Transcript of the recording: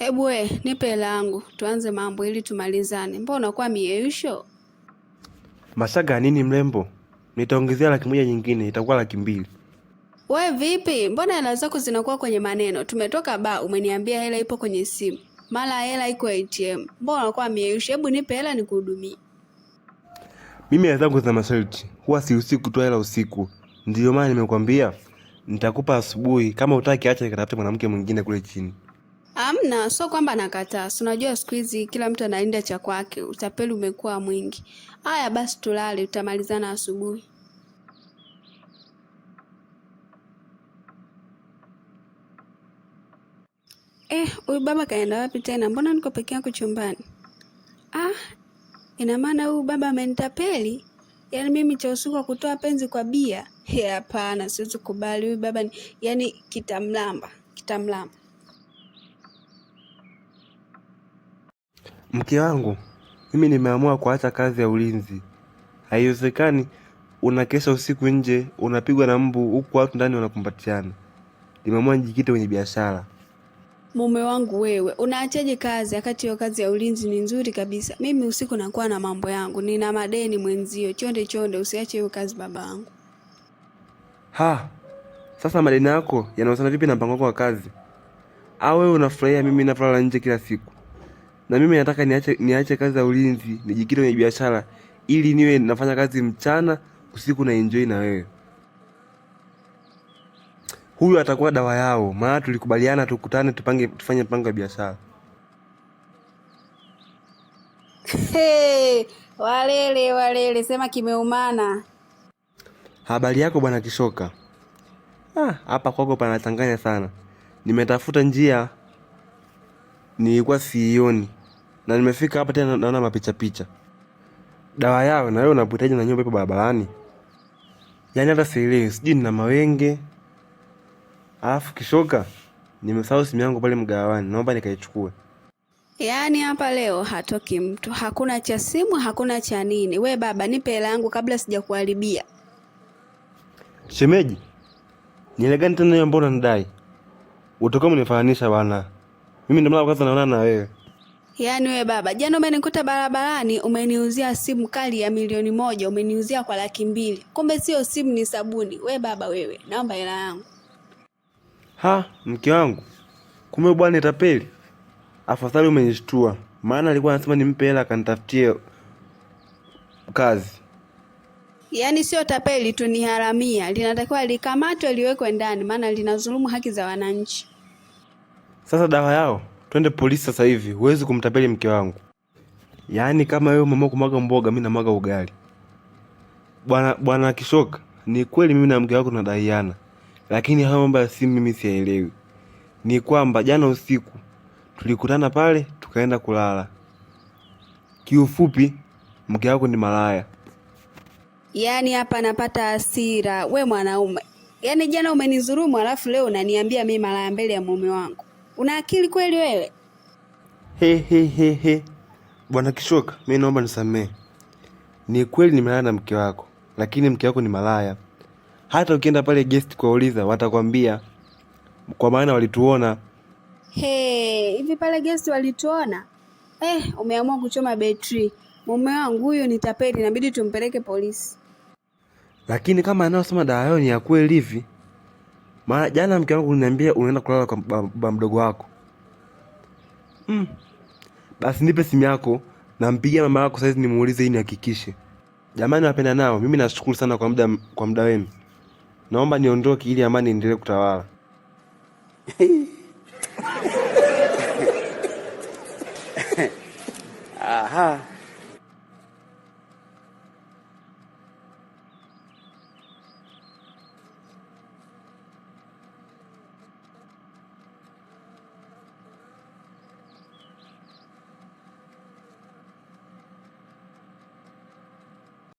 Hebu we nipe langu tuanze mambo ili tumalizane. Mbona unakuwa mieusho? Masaga nini mrembo, nitaongezea laki moja nyingine itakuwa laki mbili. We vipi, mbona hela zako zinakuwa kwenye maneno? Tumetoka ba, umeniambia hela ipo kwenye simu, mara hela iko ATM. Mbona unakuwa mieusho? Hebu nipe hela nikuhudumie. Mimi hela zangu za masharti huwa sihusii kutoa hela usiku, ndiyo maana nimekwambia nitakupa asubuhi. Kama utaki, acha nikatafute mwanamke mwingine kule chini. Amna, sio kwamba nakataa. Si unajua siku hizi kila mtu anaenda cha kwake, utapeli umekuwa mwingi. Haya basi, tulale, utamalizana asubuhi. Eh, huyu baba kaenda wapi tena? Mbona niko peke yangu chumbani? Ah, ina maana huyu baba amenitapeli? Yaani mimi cha usiku wa kutoa penzi kwa bia? Hapana, siwezi kubali. Huyu baba ni yaani kitamlamba, kitamlamba. Mke wangu, mimi nimeamua kuacha kazi ya ulinzi. Haiwezekani unakesha usiku nje, unapigwa na mbu huku watu ndani wanakumbatiana. Nimeamua nijikite kwenye biashara. Mume wangu wewe, unaachaje kazi wakati hiyo kazi ya ulinzi ni nzuri kabisa? Mimi usiku nakuwa na mambo yangu, nina madeni mwenzio. Chonde chonde, usiache hiyo kazi baba yangu. Ha, sasa madeni yako yanahusiana vipi na mpango wako wa kazi? Au wewe unafurahia mimi navyolala nje kila siku? na mimi nataka niache, niache kazi ya ulinzi nijikite kwenye biashara ili niwe nafanya kazi mchana usiku na enjoy na wewe. Huyu atakuwa dawa yao, maana tulikubaliana tukutane, tupange, tufanye mpango wa biashara. Hey, walele walele, sema kimeumana. Habari yako bwana Kishoka? Ah, hapa ah, kwako panachanganya sana. Nimetafuta njia nilikuwa siioni na nimefika hapa tena naona mapicha picha. dawa yao na wewe unapitaje na nyumba ipo barabarani? Yaani hata sielewi, sijui nina mawenge. Alafu kishoka, nimesahau simu yangu pale mgawani, naomba nikaichukue. Yaani hapa leo hatoki mtu, hakuna cha simu, hakuna cha nini. We baba, nipe hela yangu kabla sijakuharibia. Shemeji, ni hela gani tena hiyo ambayo unanidai? Utakuwa umenifananisha bwana, mimi ndio mara kwanza naona na wewe. Yaani we baba, jana umenikuta barabarani, umeniuzia simu kali ya milioni moja, umeniuzia kwa laki mbili. Kumbe sio simu, ni sabuni. We baba wewe, naomba hela yangu. Ha, mke wangu, kumbe bwana itapeli. Afadhali umenishtua, maana alikuwa anasema nimpe hela akanitafutie kazi. Yaani sio tapeli tu, ni haramia. Linatakiwa likamatwe, liwekwe ndani, maana linazulumu haki za wananchi. Sasa dawa yao twende polisi sasa hivi, huwezi kumtapeli mke wangu. Yaani kama wewe mama kumwaga mboga, mimi namwaga ugali. Bwana bwana Kishoka, ni kweli mimi na mke wako tunadaiana, lakini hayo mambo ya simu mimi siyaelewi. Ni kwamba jana usiku tulikutana pale tukaenda kulala. Kiufupi, mke wako ni malaya. Yaani hapa napata hasira, we mwanaume. Yaani jana umenidhulumu, alafu leo unaniambia mimi malaya mbele ya mume wangu. Una akili kweli wewe? He, he, he, he. Bwana Kishoka, mi naomba nisamee. Ni kweli nimelala na mke wako, lakini mke wako ni malaya. Hata ukienda pale guest kuwauliza, watakwambia kwa maana walituona. He, hivi pale guest walituona? Eh, umeamua kuchoma betri. Mume wangu huyo ni tapeli, inabidi tumpeleke polisi. Lakini kama anayosema dawa yao ni ya kweli hivi mara jana mke wangu uliniambia unaenda kulala kwa baba mdogo wako. Mm. Basi nipe simu yako nampigia mama yako saizi nimuulize ili nihakikishe. Jamani wapenda nao, mimi nashukuru sana kwa muda kwa muda wenu. Naomba niondoke ili amani endelee kutawala. Aha.